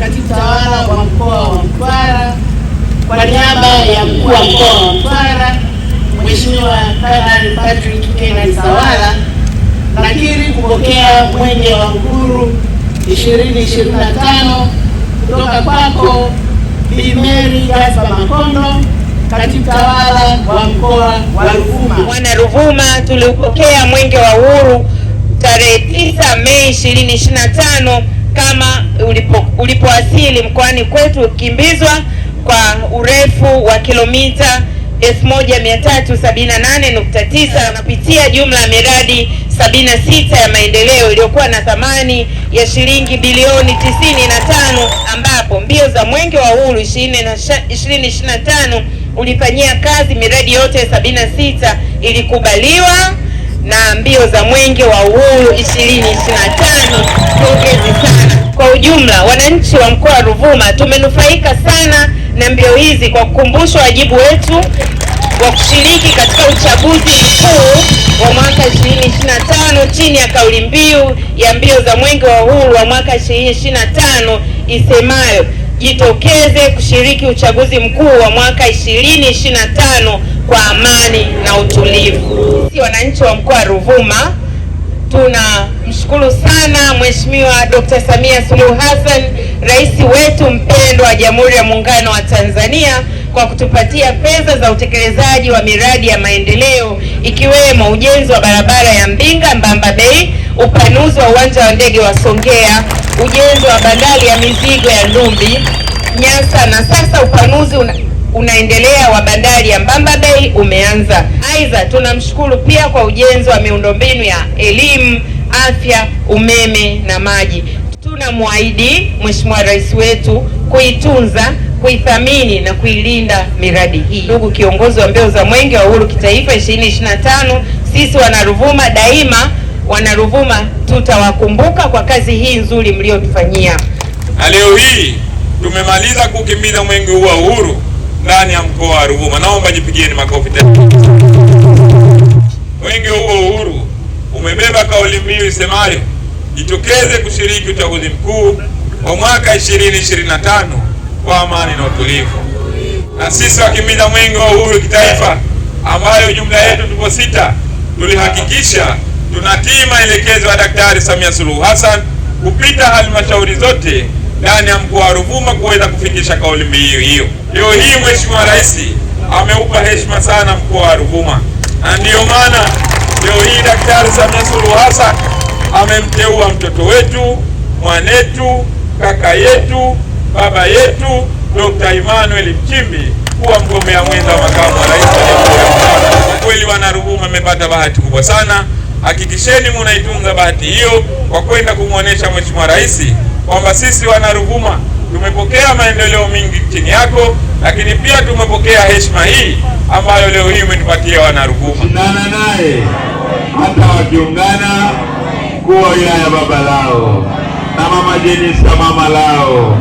katibu tawala wa mkoa wa Mtwara, kwa niaba ya mkuu wa mkoa wa Mtwara Mheshimiwa Kanali Patrick Kenan Sawala, nakiri kupokea Mwenge wa Uhuru 2025 kutoka kwako Bi Mary Gaspar Makondo, katibu tawala wa mkoa wa Ruvuma. Wana Ruvuma, tuliupokea Mwenge wa Uhuru tarehe 9 Mei 2025 kama ulipo ulipoasili mkoani kwetu ukikimbizwa kwa urefu wa kilomita 1378.9 na kupitia jumla ya miradi 76 ya maendeleo iliyokuwa na thamani ya shilingi bilioni 95, ambapo mbio za Mwenge wa Uhuru 2025 ulifanyia kazi miradi yote 76 ilikubaliwa na mbio za Mwenge wa Uhuru 2025. Pongezi sana. Kwa ujumla, wananchi wa mkoa wa Ruvuma tumenufaika sana na mbio hizi kwa kukumbushwa wajibu wetu wa kushiriki katika uchaguzi mkuu wa mwaka 2025 chini ya kauli mbiu ya mbio za Mwenge wa Uhuru wa mwaka 2025 isemayo jitokeze kushiriki uchaguzi mkuu wa mwaka 2025 kwa amani na utulivu. Sisi wananchi wa mkoa wa Ruvuma kumshukuru sana Mheshimiwa Dr. Samia Suluhu Hassan, rais wetu mpendwa wa Jamhuri ya Muungano wa Tanzania kwa kutupatia pesa za utekelezaji wa miradi ya maendeleo ikiwemo ujenzi wa barabara ya Mbinga Mbamba Bay, upanuzi wa uwanja wa ndege wa Songea, ujenzi wa bandari ya mizigo ya Ndumbi Nyasa, na sasa upanuzi una unaendelea wa bandari ya Mbamba Bay umeanza. Aidha, tunamshukuru pia kwa ujenzi wa miundombinu ya elimu afya, umeme na maji. Tunamwahidi Mheshimiwa Rais wetu kuitunza, kuithamini na kuilinda miradi hii. Ndugu kiongozi wa mbio za Mwenge wa Uhuru Kitaifa 2025, sisi wanaruvuma daima, wanaruvuma tutawakumbuka kwa kazi hii nzuri mliyotufanyia. Leo hii tumemaliza kukimbiza Mwenge huu wa Uhuru ndani ya mkoa wa Ruvuma. Naomba jipigieni makofi tena. Mwenge huu wa Uhuru kauli mbiu isemayo jitokeze kushiriki uchaguzi mkuu wa mwaka 2025 kwa amani na utulivu. Na sisi wakimbiza mwenge wa uhuru kitaifa, ambayo jumla yetu tupo sita, tulihakikisha tunatii maelekezo ya Daktari Samia Suluhu Hassan kupita halmashauri zote ndani ya mkoa wa Ruvuma kuweza kufikisha kauli mbiu hiyo. Leo hii Mheshimiwa Rais ameupa heshima sana mkoa wa Ruvuma, na ndiyo maana hii Daktari Samia Suluhu Hassan amemteua mtoto wetu, mwanetu, kaka yetu, baba yetu Dr. Emmanuel Nchimbi kuwa mgombea mwenza wa makamu wa rais wa Jamhuri ya Muungano. Kwa kweli, wana Ruvuma amepata bahati kubwa sana. Hakikisheni munaitunga bahati hiyo kwa kwenda kumwonyesha Mheshimiwa Rais kwamba sisi wana Ruvuma tumepokea maendeleo mengi chini yako, lakini pia tumepokea heshima hii ambayo leo hii umenipatia wana Ruvuma wakiungana kuwa wilaya baba lao na mama Jenista mama lao